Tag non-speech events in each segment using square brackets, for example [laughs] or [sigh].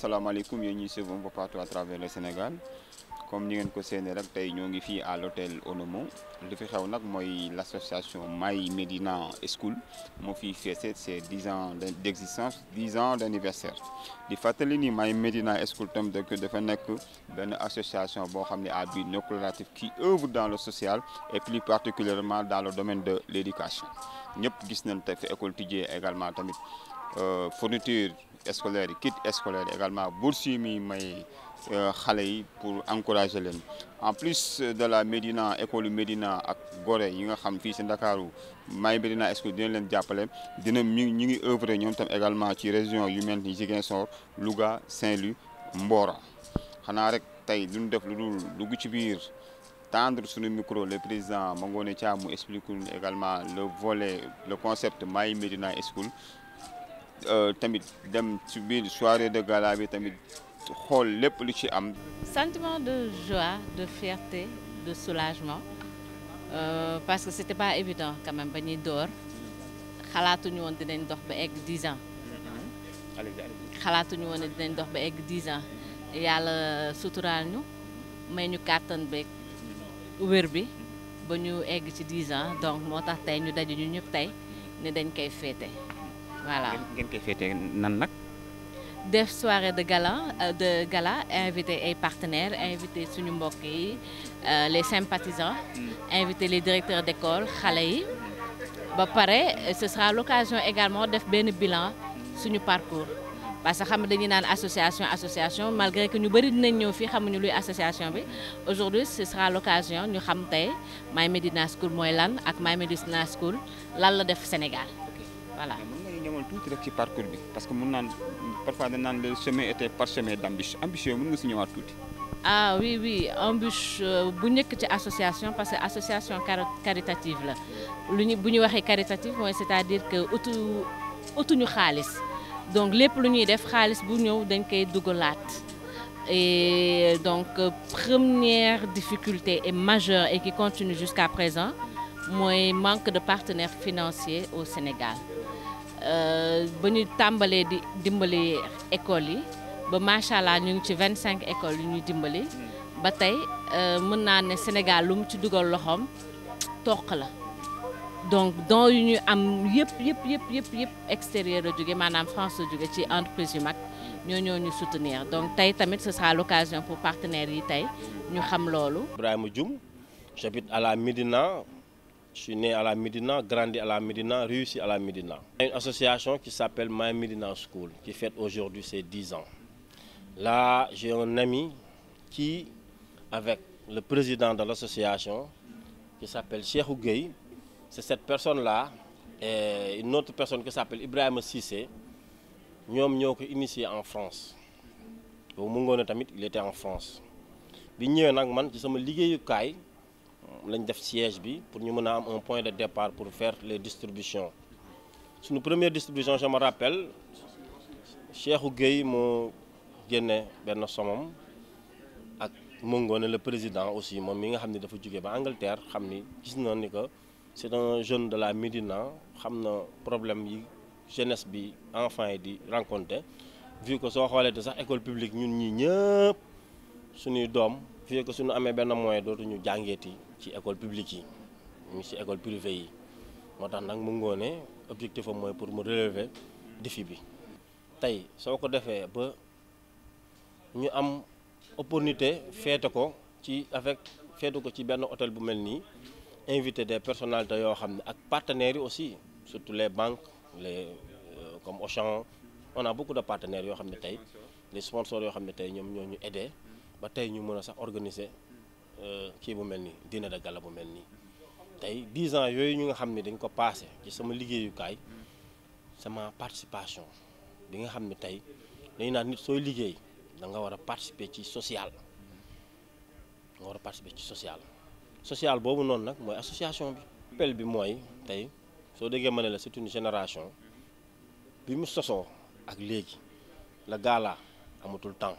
Assalamu alaikum, bienvenue à travers le Sénégal comme ni ngeen ko rek à l'hôtel Onomo fi l'association My Medina School mo fi ses dix ans d'existence 10 ans d'anniversaire Medina School tam association bo non qui œuvre dans le social et plus particulièrement dans le domaine de l'éducation gis nañ école également tamit euh, fourniture scolaires kit scolaire également bourse yi may euh, yi pour encourager leen en plus de la Medina école Medina, ak Gorée yi nga xam fii si Ndakaaru may Médina School dina leen jàppale dina ñu ngi œuvre ñoom tam également ci région yu mel ni Ziguinchor Louga Saint-Louis Mbora. xanaa rek tey duñ def lu dul dugg ci biir tendre sur le micro le président Mangone Thiam explique également le volet le concept may Medina School eh, tamit dem ci biir soirée de gala bi tamit xool lépp lu ci am. sentiment de joie de fierté de soulagement euh, parce que c'était pas évident quand même ba ñuy door xalaatuñu woon dinañ dox ba egg 10 ans. xalaatuñu woon dinañ dox ba egg 10 ans yàlla suturaal ñu may ñu kàttan beeg wér bi ba ñu egg ci 10 ans donc moo tax tey ñu daje ñu ñëpp tey ne dañ koy féete voilà ngeen koy nan nak? def soirée de gala euh, de gala invité les partenaires invité suñu euh, les sympathisants. Hmm. inviter les directeurs d'école Khalei. yi. ba ce sera l'occasion également de faire un bilan sur notre parcours. parce que nous dañuy une association association malgré que ñu bëri dinañ ñëw fii xamuñu luy association aujourd'hui ce sera l'occasion ñu xam tey My Medina School mooy lan ak My Medina School Sénégal voilà tout tuuti parcours parce que parfois le chemin était parsemé embûches nous ah oui oui embûche euh, bu association parce que association caritative caritative à dire que donc les lu def xaalis bu ñëw dañ Et donc, euh, première difficulté et majeure et qui continue jusqu'à présent, moi, manque de partenaires financiers au Sénégal. Euh, ba ñu tàmbalee di dimbali écoles yi ba macha ñu 25 écoles nous ñuy dimbali hmm. ba tey euh, Sénégal lu mu ci dugal loxoom toq la donc nous yu ñu am yëpp yëpp yëpp yëpp extérieur la France la ci entreprise soutenir donc tamit ce sera l'occasion pour partenaires yi tey ñu xam loolu. Ibrahima Dioum à la Médina. Je suis né à la Médina, grandi à la Médina, réussi à la Médina. Une association qui s'appelle My Médina School, qui fête aujourd'hui ses 10 ans. Là, j'ai un ami qui, avec le président de l'association, qui s'appelle Cheikh Gueye, c'est cette personne-là, et une autre personne qui s'appelle Ibrahim Sissé, nous avons initié en France. Au Il était en France. Nous qui initié en France lañ def siège bi pour nous mën un point de départ pour faire les distributions suñu première distribution je me rappelle Cheikhou Gueye moo génne benn somam ak Mongone le président aussi moom mi nga xam ne dafa Angleterre xam gis ni c'est un jeune de la Médina xam problème yi jeunesse bi enfant yi di rencontrer vu que soo xoolee de école publique ñun ñi ñëpp suñuy fii que suñu amee benn moyen dootuñu jàngeeti ci école publique yi ñu ci école privée yi moo tax nag mu objectif mooy pour mu relever défi bi tey soo ko defee ba ñu am opportunité feete ko ci avec feetu ko ci benn hôtel bu mel nii invité des personnalités yoo xam ne ak partenaires aussi surtout les banques les euh, comme Auchan on a beaucoup de partenaires yoo xam ne les sponsors yoo xam ne tey ñoo ñu aidé ba tey ñu mën a sax organiser euh, kii bu mel nii dina de gala bu mel nii tey dix ans yooyu ñu nga xam ne dañ ko passé ci sama liggéeyukaay sama participation bi nga xam ne tey dañu naan nit sooy liggéey da nga war a participer ci sociale nga war a participer ci social social boobu noonu nag mooy association bi appel bi mooy tey soo déggee ma ne la c'est une génération bi mu sosoo ak léegi la gala amatul temps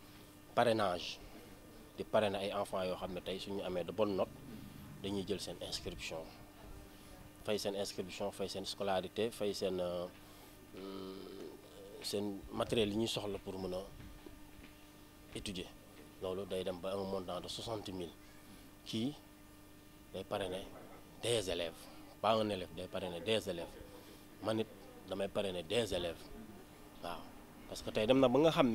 parrainage di parrainer les enfants yo xamné tay suñu de bonnes notes dañuy jël une inscription fay une inscription fay sen scolarité fay seen euh, mm, matériel ñi soxla pour mëna étudier lolu day dem ba un montant de 60 000 qui day parrainer des élèves pas un élève day parrainer des élèves manit damay parrainer des élèves waaw parce que tay dem na ba nga xam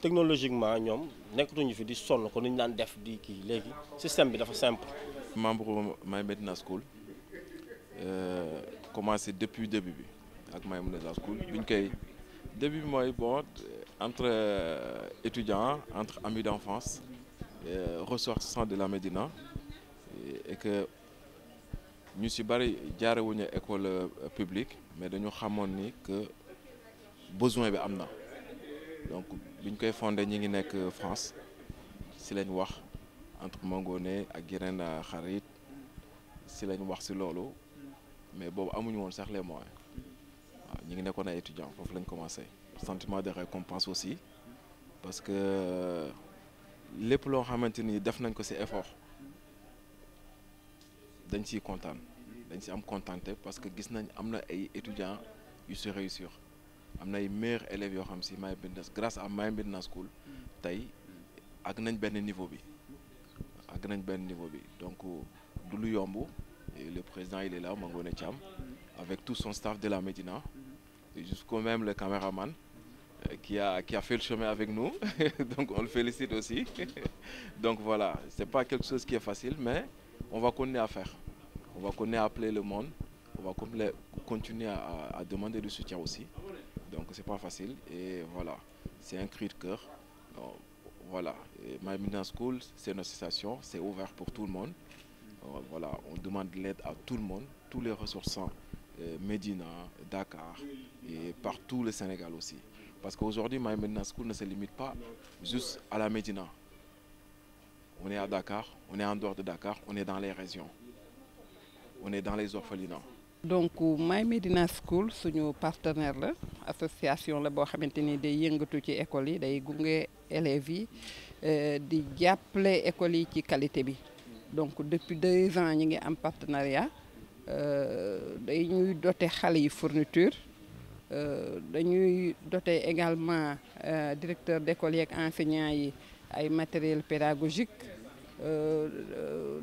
technologiquement ñom nekkatuñu fi di sonn ko ni ñu def di ki légui système bi dafa simple. membre may Medina School euh, commencé depuis début bi ak may Medina School buñ koy début bi bon entre euh, étudiants entre amis d'enfance euh, ressortissants de la Médina et que ñu ci bari wuñu école publique mais dañu xamone ni que besoin bi amna donc biñ koy fondé ñi ngi nekk France si lañ wax entre Mangone ak yeneen Kharit si lañ wax si lolu mais bobu amuñu won sax les moyens ñi ngi nekkoon ay étudiants foofu lañ commencé sentiment de récompense aussi parce que lépp loo xamante ni def nañ ko si effort dañ siy content, dañ si am contenté parce que gis nañ am na ay étudiants yu si réussir am ay meilleurs élèves xam si may grâce à may Business School tay ak nañ ben niveau bi ak nañ ben niveau bi donc du lu le président il est là Mangone Cham, avec tout son staff de la Médina jusqu'au même le caméraman euh, qui a, qui a fait le chemin avec nous. [laughs] Donc on le félicite aussi. [laughs] Donc voilà, ce n'est pas quelque chose qui est facile, mais on va continuer à faire. On va continuer à appeler le monde. On va continuer à, à demander du soutien aussi donc c'est pas facile et voilà c'est un cri de cœur voilà et My School c'est une association c'est ouvert pour tout le monde euh, voilà on demande l'aide à tout le monde tous les ressourçants euh, Médina Dakar et partout le Sénégal aussi parce qu'aujourd'hui My School ne se limite pas juste à la Médina on est à Dakar on est en dehors de Dakar on est dans les régions on est dans les orphelinats donc euh, My Medina School suñu partenaire la association la de xamante de day yëngatu ci école yi day gungé élèves yi euh, di école qualité bi donc depuis deux ans ñi ngi am partenariat euh, day ñuy doté xalé yi fourniture dañuy doté également directeur d'école yi ak enseignants yi ay matériel pédagogique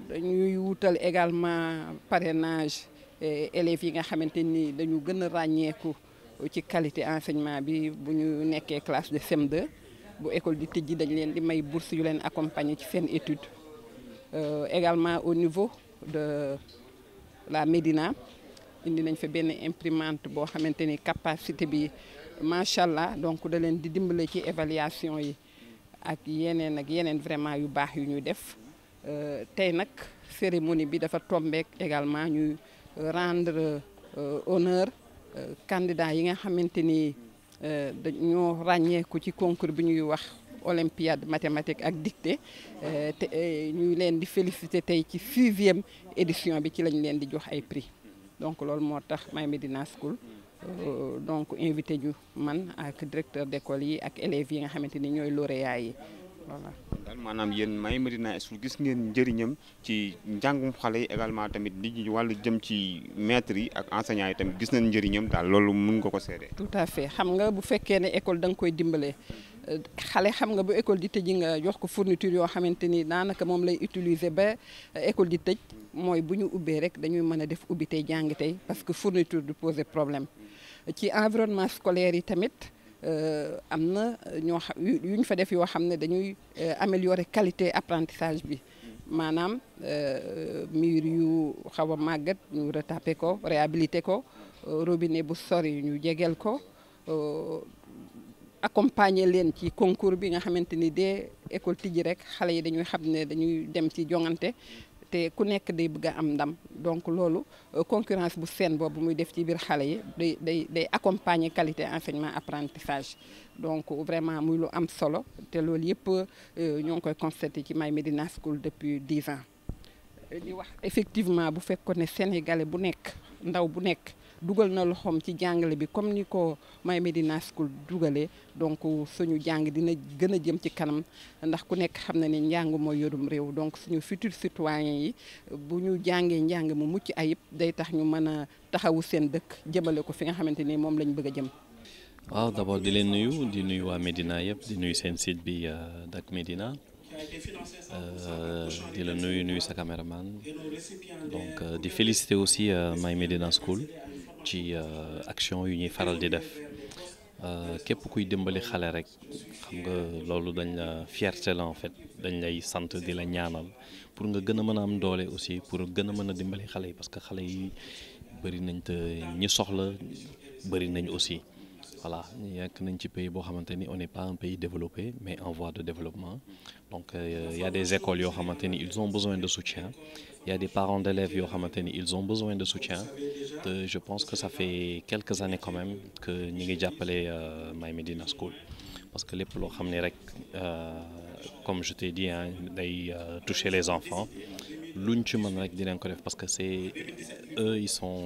dañuy wutal également parrainage eh, élèves yi nga xamante ni dañu gën a ràññeeku ci qualité enseignement bi bu ñu nekkee classe de CM2 bu école di tijji dañ leen di may bourse yu leen accompagner ci seen étude euh, également au niveau de la Médina indi nañ fa benn imprimante boo xamante ni capacité bi macha allah donc da leen di dimbale ci évaluation yi ak yeneen ak yeneen vraiment yu baax yu ñuy def euh, tey nag cérémonie bi dafa tombeek également ñuy rendre euh, honneur euh, candidat yi nga xamante ni euh, dañoo ràññeeku ci concours bi ñuy wax olympiade mathématique ak dictée te ñu leen di féliciter tey ci sixième édition bi ci lañ leen di jox ay prix donc loolu moo tax My Medina School donc invité ñu man ak directeur d'école yi ak élèves yi nga xamante ni lauréats yi voilà. daal maanaam yéen may Médina School gis ngeen njëriñam ci njàngum xale yi également tamit li wàllu jëm ci maîtres yi ak enseignants yi tamit gis nañ njëriñam daal loolu mun nga ko seede. tout à fait xam nga bu fekkee ne école danga koy dimbale xale xam nga bu école di tëji nga jox ko fourniture yoo xamante ni daanaka moom lay utiliser ba euh, école di tëj mooy bu ñu ubbee rek dañuy mën a def ubbi tey jàng tey parce que fourniture du poser problème ci environnement scolaire yi tamit. Euh, am na ñoo ñu fa def yo xam dañuy euh, améliorer qualité apprentissage bi maanaam euh, mur yu xawa magat ñu retaper ko réhabiliter ko robinet bu sori ñu jegel ko accompagner len ci concours bi nga xamanteni dé école tijji rek xalé yi dañuy xam dañuy dem ci jonganté te ku nekk day bëgg am ndam donc loolu euh, concurrence bu seen boobu muy def ci biir xale yi day day day accompagner qualité enseignement apprentissage donc vraiment muy lu am solo te loolu yëpp euh, ñoo ngi koy constater ci may Medina School depuis dix ans. Euh, di wax effectivement bu fekkoon ne sénégalais bu nekk ndaw bu nekk. dugal na loxoom ci jàngale bi comme ni ko may Medina School dugalee donc suñu jàng dina gën a jëm ci kanam ndax ku nekk xam na ne njàng mooy yorum réew donc suñu futur citoyen yi bu ñu jàngee njàng mu mucc ayib day tax ñu mën a taxawu seen dëkk jëmale ko fi nga xamante ni moom lañ bëgg a jëm. waaw d'abord di leen nuyu di nuyu waa Medina yëpp di nuyu seen site bi euh, Dak Medina euh, di la nuyu nuyu sa caméraman donc euh, di félicité aussi may Medina School. ci euh, action yu ñuy faral di def euh, képp kuy dimbali xale rek xam nga loolu dañ la fierté la en fait dañ lay sant di la ñaanal pour nga gën a mën a am doole aussi pour gën a mën a dimbali xale yi parce que xale yi bëri nañ te ñi soxla bëri nañ aussi. voilà pays on n'est pas un pays développé mais en voie de développement donc euh, il y a des écoles ils ont besoin de soutien il y a des parents d'élèves ils ont besoin de soutien je pense que ça fait quelques années quand même que nous avons appelé My Medina School parce que les loo euh, comme je t'ai dit hein euh, toucher les enfants parce que c'est eux ils sont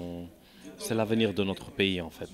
c'est l'avenir de notre pays en fait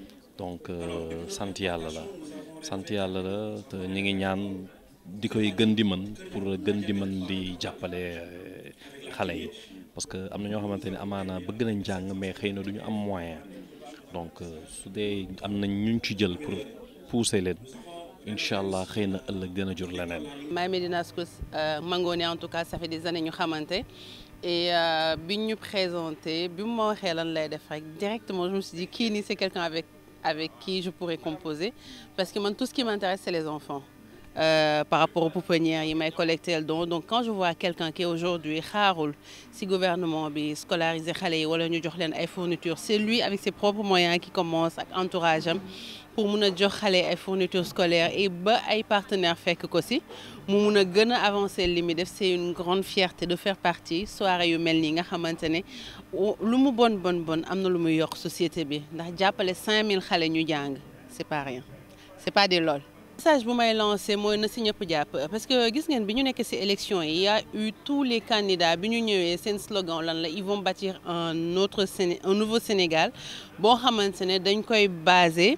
donc euh, sant yàlla la sant yàlla la te ñu ngi ñaan di koy gën di man pour gën di man di jappalé euh, xalé yi parce que amna ño ñoo xamante ni amaana bëgg nañ jang mais xeyna duñu am moyen donc euh, su dee amna nañ ñu ci jël pour pousser leen inshallah xeyna xëy na ëllëg dina jur leneen. My Médina Schools Mangone en tout cas ça fait des années ñu xamanté et bi ñu présenté bi mo ma lan lay def rek directement je me suis dit qui ni c'est quelqu'un avec avec qui je pourrais composer. Parce que moi, tout ce qui m'intéresse, c'est les enfants. Euh, par rapport aux pouponnières il m'a collecté le don donc quand je vois quelqu'un qui aujourd'hui si si gouvernement bi scolariser xale wala fournitures c'est lui avec ses propres moyens qui commence avec entourage pour mun a jox fournitures scolaires et ba ay partenaires fekk ko si mu mun a avancer c'est une grande fierté de faire partie soirée yu mel nii nga xamante ne lu mu bon société bi ndax jàppale 5000 000 ñu ce c'est pas rien c'est pas des l'ol message bu may lancé ne na si pour jàpp parce que vous voyez, bi ñu nekk ces élection il y a eu tous les candidats bi ñu ñëwee slogan ils vont bâtir un autre un nouveau Sénégal bon xamante Sénégal dañ koy basé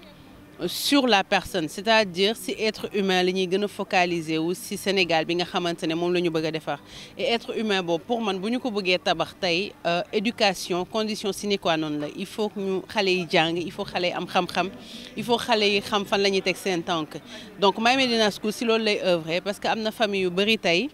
sur la personne c'est-à-dire si être humain les ñuy gën a ou wu si Sénégal bi nga xamante ne le la ñu bëgg a et être humain bon, pour man bu ñu ko bëggee tabax tey euh, éducation conditions sine qua non la il faut ñu xale yi jàng il faut xale yi am xam-xam il faut xale yi xam fan la ñuy teg seen donc My Médina School si loolu lay parce que am na famille yu bëri tey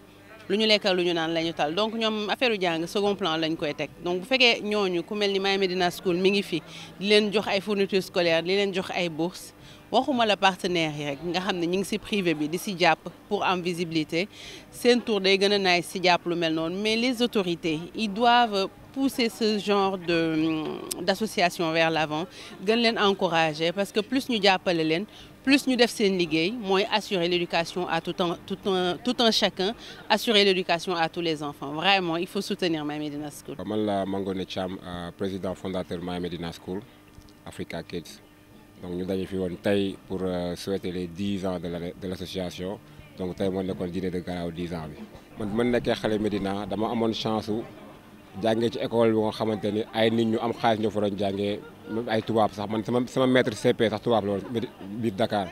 lu ñu lekkal lu ñu naan la ñu tal donc ñoom affaire jàng second plan lañ koy teg donc bu fekkee ñooñu ku mel ni My Medina School mi ngi fi di leen jox ay fourniture scolaire di leen jox ay bourse waxuma la partenaires yi rek nga xam ne ñu ngi ci privé bi di ci jàpp pour am visibilité seen tour day gën a si ci lu mel noonu mais les autorités ils doivent pousser ce genre de d'association vers l'avant gën leen encourager parce que plus ñu jàppale leen plus ñu def une ligue. Moins assurer l'éducation à tout un tout un tout un chacun assurer l'éducation à tous les enfants vraiment il faut soutenir My Medina School. Je suis Mangone Cham, euh, président fondateur My Medina School Africa Kids donc ñu daje fi une taille pour euh, souhaiter les 10 ans de l'association donc nous moo nekkoon dîner de gala 10 ans bi. man bu ma je suis Medina dama amoon chance jangé ci école bi nga xamanteni ay nit ñu am xaalis ñoo fa doon jangé ay tubaab sax man sama sama maître CP sax tubaab lool biir Dakar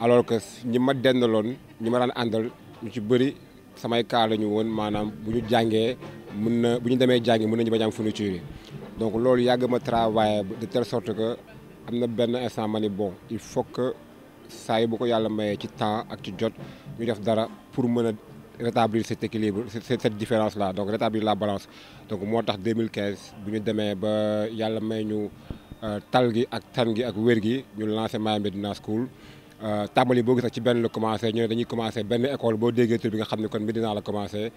alors que ñi ma dendaloon ñi ma daan andal ñu ci bëri samay kaa la ñu woon manam bu ñu jàngee mun na bu ñu demee jàngi mën nañu bañ am ciiri donc lool yàgg ma travailler de telle sorte que amna na instant ma bon il faut que say bu ko yalla maye ci temps ak ci jot ñu def dara pour mëna rétablir cet équilibre cette différence là donc rétablir la balance donc moo tax 2015 bu ñu demee ba yàlla may ñu euh, Talgi, gi ak tan ak wér ñu lancé Maya Medina School euh, tàmbali boo gis sax ci benn commencé ñu ne dañuy commencé benn école boo déggee tur bi nga xam ne kon Medina la commencé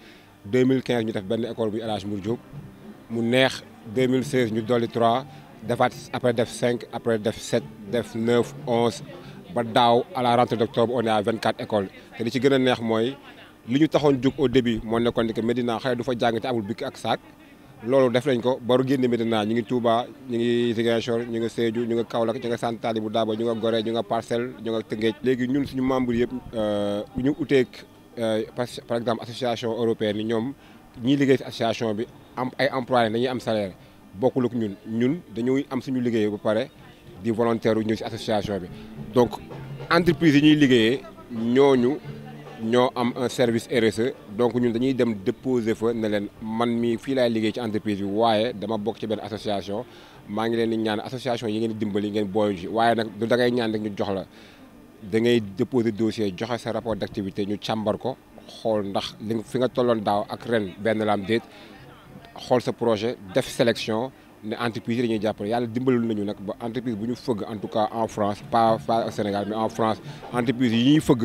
2015 ñu def benn école bu El Hadj Mour Diop mu neex 2016 ñu dolli 3 defaat après def 5 après def 7 def 9 11 ba à la rentrée d'octobre on est à 24 écoles te li ci le a neex li ñu taxoon jóg au début moo nekkoon ni que Médina xëy du fa jàng te amul bikk ak saak loolu def nañ ko baru génn Médina ñu ngi Touba ñu ngi Ziguinchor ñu ngi Sédhiou ñu ngi Kaolack ñu ngi Sant Talibou Dabo ñu ngi Gorée ñu ngi Parcelles ñu ngi Tëngéej léegi ñun suñu membre yëpp euh, ñu uteeg euh, par exemple association européenne yi ñoom ñiy liggéey si association bi am ay employé dañuy am salaire bokkul ak ñun ñun dañuy am suñu liggéey ba pare di volontaire ñu si association bi donc entreprise yi ñuy liggéeyee ñooñu ñoo am un service RSE donc ñun dañuy dem déposer fa ne leen man mii fii laay liggéey ci entreprise bi waaye dama bokk ci benn association maa ngi leen di ñaan association yi ngeen dimbali ngeen boole ci waaye nag du dangay ñaan rek ñu jox la da ngay déposer dossier joxe sa rapport d'activité ñu càmbar ko xool ndax li fi nga tolloon daaw ak ren benn laam déet xool sa projet def sélection ne entreprise yi dañuy jàppale yàlla dimbalul nañu nag ba entreprise bu ñu fëgg en tout cas en France pas pas au Sénégal mais en France entreprise yi ñuy fëgg.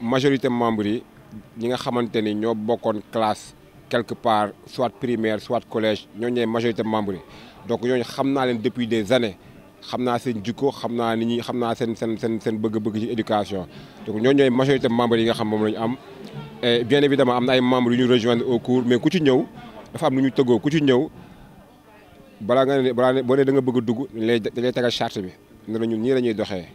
majorité membre yi ñi nga xamanteni ño bokone classe quelque part soit primaire soit collège ñoo ñooy majorité membre donc ñooñu xam naa leen depuis des années xamna naa seen jikko xam naa ni ñuy xam naa seen seen seen bëgg-bëgg ci éducation donc ñoo ñoy majorité membre yi nga xam mom la am et bien évidemment amna ay membres yu ñu rejoindre au cours mais ku ci ñew dafa am lu ñu teggo ku ci ñew bala nga ne bo né da nga bëgg a dugg lay dañ lay tegal charte bi ne ñun ñi lañuy doxé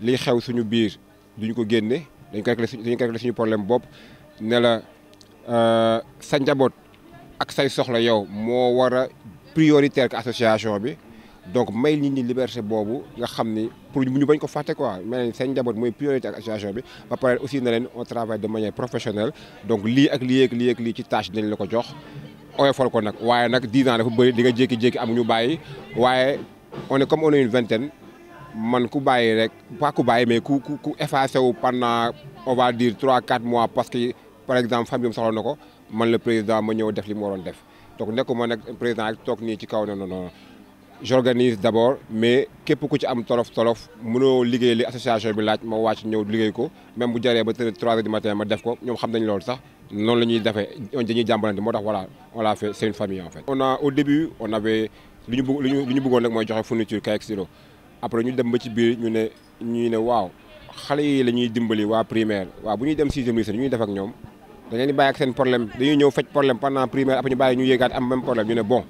li xew suñu biir duñ ko génne dañ ko régler dañu ko régler suñu problème bopp ne la euh, sa njabot ak say soxla yow mo wara prioritaire ak association bi donc may nit ñi liberté bobu nga xamni pour ñu bañ ko faté quoi mais seen njabot moy priorité ak association bi ba pare aussi na len on travaille de manière professionnelle donc li ak li ak li ak li ci tâche dañ la ko jox oyofal ko nak waye nak 10 ans dafa bëri di nga jéki jéki am ñu bayyi waye on est comme on a une vingtaine man ku baye rek pas ku baye mais ku ku ku effacé wu pendant on va dire 3 4 mois parce que par exemple famille bi soxla man le président ma ñëw def li mo waroon def donc nekkuma nag président rek toog nii ci kaw na non non j'organise d'abord mais képp ku ci am tolof tolof mëno liggéey li association bi laaj ma wacc ñëw liggéey ko même bu jaré ba 3h du matin ma def ko ñom xam nañ lool sax non lañuy défé defee dañuy jambalante motax voilà on l'a fait c'est une famille en fait. on a au début on avait liñu ñu bëgg lu ñu rek mooy joxe fourniture KX0 après ñu dem ba ci biir ñu ne ñu ne waaw xale yi lañuy dimbali wa primaire wa bu ñuy dem sixième lycée ñu ñuy def ak ñom dañ ni baye ak seen problème dañuy ñëw fajj problème pendant primaire après ñu baye ñu yéegaat am même problème ñu ne bon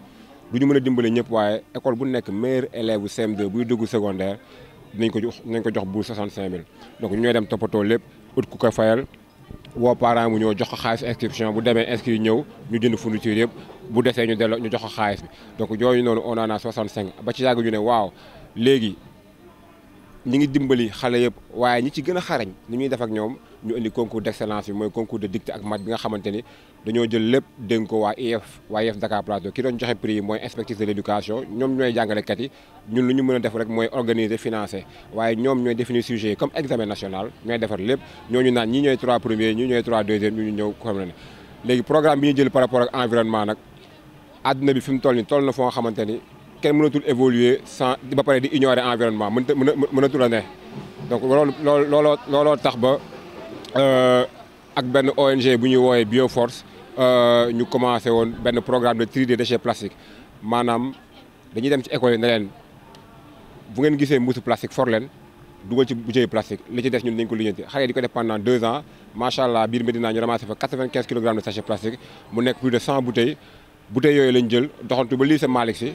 duñu mëna mën dimbali ñëpp waye école bu nekk meilleur élève CM2 buy dugg secondaire dinañ ko jox dinañ ko jox bu 65000 donc ñu ñoy dem toppatoo lepp ut ku ko fayal woo parents mu ñoo jox ko xaalis inscription bu demee inscrit ñëw ñu jënd fourniture yëpp bu desee ñu délo ñu jox ko xaalis bi donc yooyu nonu on en a 65 ba ci yàgg ñu ne waaw léegi ñi ngi dimbali xalé yëpp waaye ñi ci gëna xarañ ni ñuy def ak ñom ñu indi concours d'excellence moy concours de dictée ak maths bi nga xamanteni dañu jël lepp denko wa waa IEF waa IEF Dakar Plateau ki doon joxe prix moy inspecteur de l'éducation ñoom ñooy jàngalekat yi ñun lu ñu mën def rek moy organiser financer waaye ñom ñoy définir sujet comme examen national ñooy defar lepp ñoñu naan ñi ñooy trois premiers ñi ñooy trois deuxième ñu ñew xam ne léegi programme bi ñu jël par rapport ak environnement nak aduna bi fimu toll ni toll na fo xamanteni quelqu'un ne peut évoluer sans ne pas ignorer l'environnement. Donc, c'est ce qui est Avec ONG, Bioforce, euh, nous commençons un programme de tri des déchets plastiques. Madame, nous sommes dans l'école. Vous avez vu les plastique fort, vous avez budget plastiques. Les déchets sont les plus Vous pendant deux ans. Machallah, Bir Medina, nous avons fait 95 kg de sachets plastiques. Nous avons plus de 100 bouteilles. Bouteilles, nous avons fait des bouteilles. Nous avons fait des bouteilles.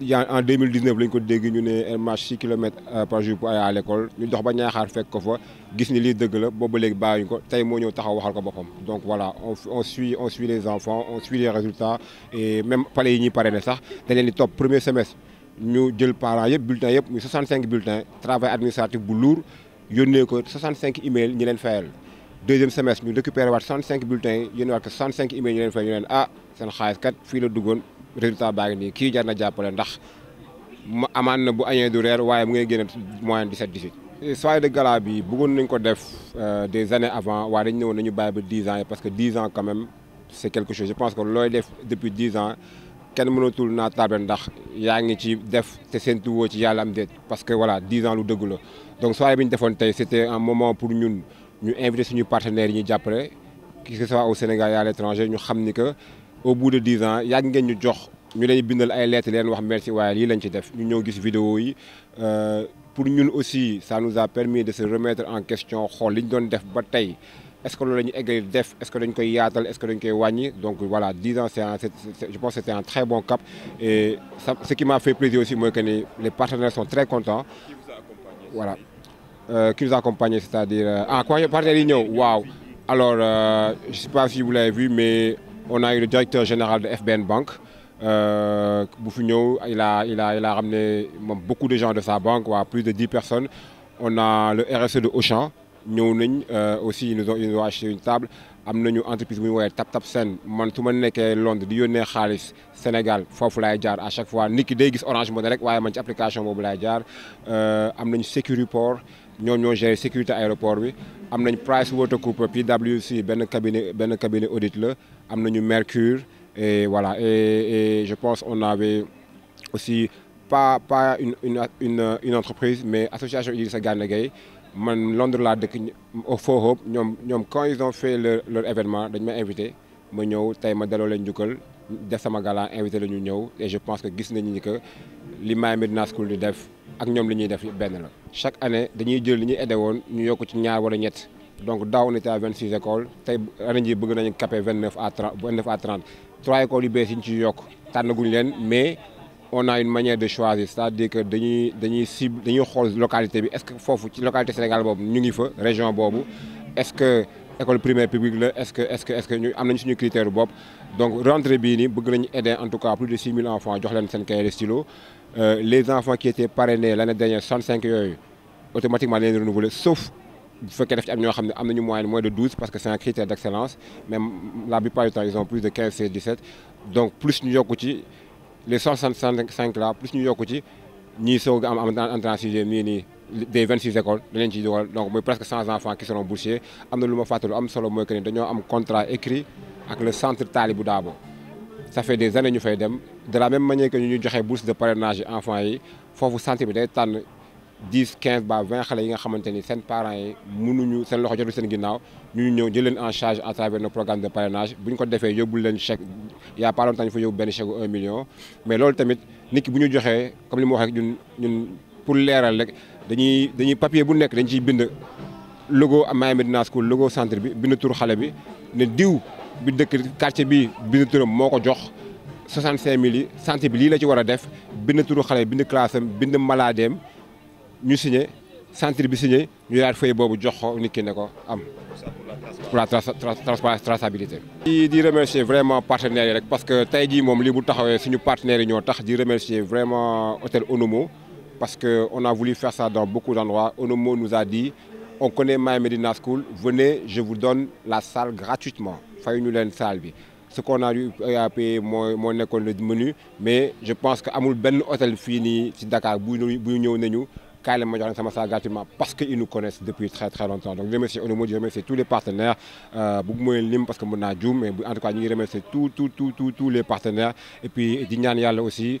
en 2019 lañ ko dégg ñu un marche 6 km euh, par jour pour aller à l'école ñu dox ba ñaaxaar fekk ko fa gis ni lii dëgg la boobu léegi bàyyiñ ko tey moo ñëw taxaw waxal ko boppam donc voilà on on suit on suit les enfants on suit les résultats et même pale yi ñuy parrainé sax dañ leen di topp premier semestre ñu jël parents yëpp bulletin, yëpp muy 65 bulletins travail administratif bu lourd yónnee ko 65 email ñi leen fayal deuxième semestre ñu récupéré waat 65 bulletins yi yónnee waat ko 65 email ñi leen fayal ñu leen ah seen xaalis kat fii la duggoon résultat baa ngi nii kii jar ndax amane bu añee du reer waye mu ngay génne moyen 17 18. soirée de gala bi bëggoon nañ ko def euh, des années avant wa dañu ne nañu bàyyi ba 10 ans parce que 10 ans quand même c'est quelque chose je pense que loy def depuis 10 ans kenn mënatul na tabel ndax yaangi ci def te sentu wo ci yàlla am déet parce que voilà 10 ans lu deug la donc soirée bi ñu defoon tey c' un moment pour ñun ñu inviter suñu partenaires ñu jappalé que ce soit au Sénégal et à l'étranger étranger ñu xam que au bout de 10 ans il y a jox ñu lay bindal ay lettre len wax merci li lañ ci def ñu gis vidéo yi euh, pour ñun aussi ça nous a permis de se remettre en question xol liñ qu'on doon def ba tay est-ce que qu'on lañu égal def est-ce que dañ koy yaatal est-ce que dañ koy wañi donc voilà 10 ans c'est je pense que c'était un très bon cap et ça, ce qui m'a fait plaisir aussi moi que les partenaires sont très contents voilà euh, qui nous accompagne c'est-à-dire euh, ah quoi partenaires yi waouh alors euh, je sais pas si vous l'avez vu mais on a eu le directeur général de FBN Bank. Euh, il a, il, a, il a ramené beaucoup de gens de sa banque, plus de 10 personnes. On a le RSE de Auchan, euh, aussi ils nous ont acheté une table avons une entreprise bu ñu Tap Tap sen man Londres di Khalis, Sénégal foofu à chaque fois Niki Degis, Orange Money rek man ci application boobu laay jaar euh, Securiport ñoom ñoo gérer sécurité aéroport bi am nañ Price Waterhouse PwC benn cabinet benn cabinet audit la am nañu Mercure et voilà et, et je pense on avait aussi pas pas une une une, une entreprise mais association Idrissa Gana Gueye man Londres la dëkk au Faux Hope ñoom ñoom quand ils ont fait leur leur événement dañ ma invité ma ñëw tey ma daloo leen njukkal def sama gala invité la ñu ñëw et je pense que gis nañu ni que li My Medina School di def ak ñom li ñuy def benn la chaque année dañuy jël li ñuy aidé woon ñu yok ci ñaar wala ñet donc daaw on était à 26 écoles tay ren jii bëgg nañu capé 29 à 30 29 à 30 trois écoles yu bëss yi ñu ci yokk tànnaguñ len mais on a une manière de choisir c'est-à-dire que dañuy dañuy cible dañuy xol localité bi est-ce que fofu ci localité Sénégal bobu ñu ngi fa région bobu est-ce que école primaire publique le est-ce que est-ce que est-ce que ñu am nañu suñu critère Bob, donc rentrée bi ni bëgg nañu aider en tout cas plus de 6000 enfants jox leen sen cahier de stylo euh, les enfants qui étaient parrainés l'année dernière 105 euros automatiquement les renouveler sauf que les enfants ci moins de 12 parce que c'est un critère d'excellence mais la plupart du temps ils ont plus de 15 16 17 donc plus New York ci les 165 là plus New York ci nous sommes en train de des 26 écoles donc presque 100 enfants qui seront bouchés. Nous avons un contrat écrit avec le centre Talibou Dabo ça fait des années que nous faisons. De la même manière que nous avons des bourses de parrainage à enfants, il faut vous sentir que vous 10, 15, 20 ans, vous avez des parents, des gens en charge à travers nos programmes de parrainage. Si avons fait des gens qui chèque, il n'y a pas longtemps qu'il faut un chèque de 1 million. Mais l'autre, c'est que si vous comme je l'ai dit, pour l'air, il y a papier qui est le logo de Maïa Medina School, le choses centre, le de bi quartier bi bind turam moo jox 65000 yi santé bi lii la ci wara a def bind turu bind classe am bind ñu signé centre bi signé ñu yar feuille bobu jox ko ne ko am. pour la traçabilité. di di remercier vraiment partenaires rek parce que tay ji mom li bu taxawé suñu partenaire tax di remercier vraiment hôtel Onomo parce que on a voulu faire ça dans beaucoup d'endroits Onomo nous a dit on connaît My Medina School venez je vous donne la salle gratuitement fay ñu leen salle bi ce qu'on a eu à e payer moo moo nekkoon le menu mais je pense que amul benn hôtel fini nii ci Dakar bu bu ñëw nañu kaay ma jox sama salle parce que ils nous connaissent depuis très très longtemps donc je remercie Ono Mod je remercie tous les partenaires euh, beaucoup leen lim parce que mon adjoint mais en tout cas ñu remercier tout tout tout tout tous les partenaires et puis di ñaan aussi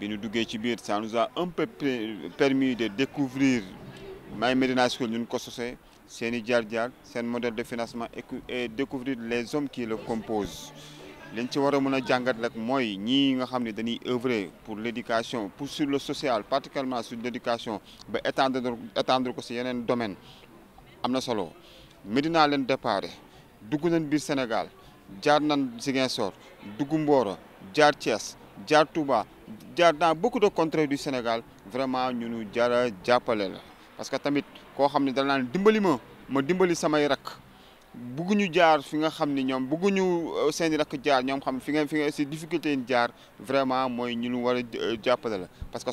ci ça nous a un peu permis de découvrir My Medina School ñu ko sosee seen i modèle de financement et découvrir les hommes qui le composent liñ ci war a mën a jàngat rek nga dañuy pour l'éducation pour sur le social particulièrement sur l'éducation ba étendre étendre ko si yeneen domaine Amna solo Medina len départé dugg nañ bir Sénégal jaar nañ Ziguinchor dugg Mboro jaar Thiès dans beaucoup de contrées du Sénégal vraiment nous nous jar a parce que tamit nous xam nous da nous ma dimbali samay nous jaar fi nga nous nous devons nous jaar nous xam fi nga fi si difficulté vraiment euh, parce que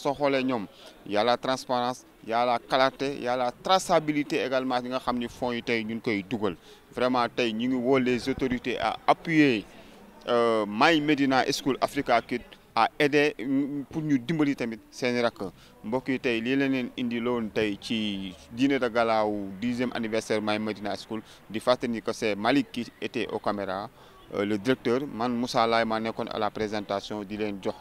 il y a la transparence y a la clarté y a la traçabilité également nous nga xam fonds Nous vraiment nous les autorités à appuyer. Euh, My Medina School Africa a aidé mm, pour nous dimbali tamit seeni rak yi indi loon tay ci anniversaire My Medina School di fait c'est Malik qui était aux caméras euh, le directeur man Moussa Laye à la présentation di leen jox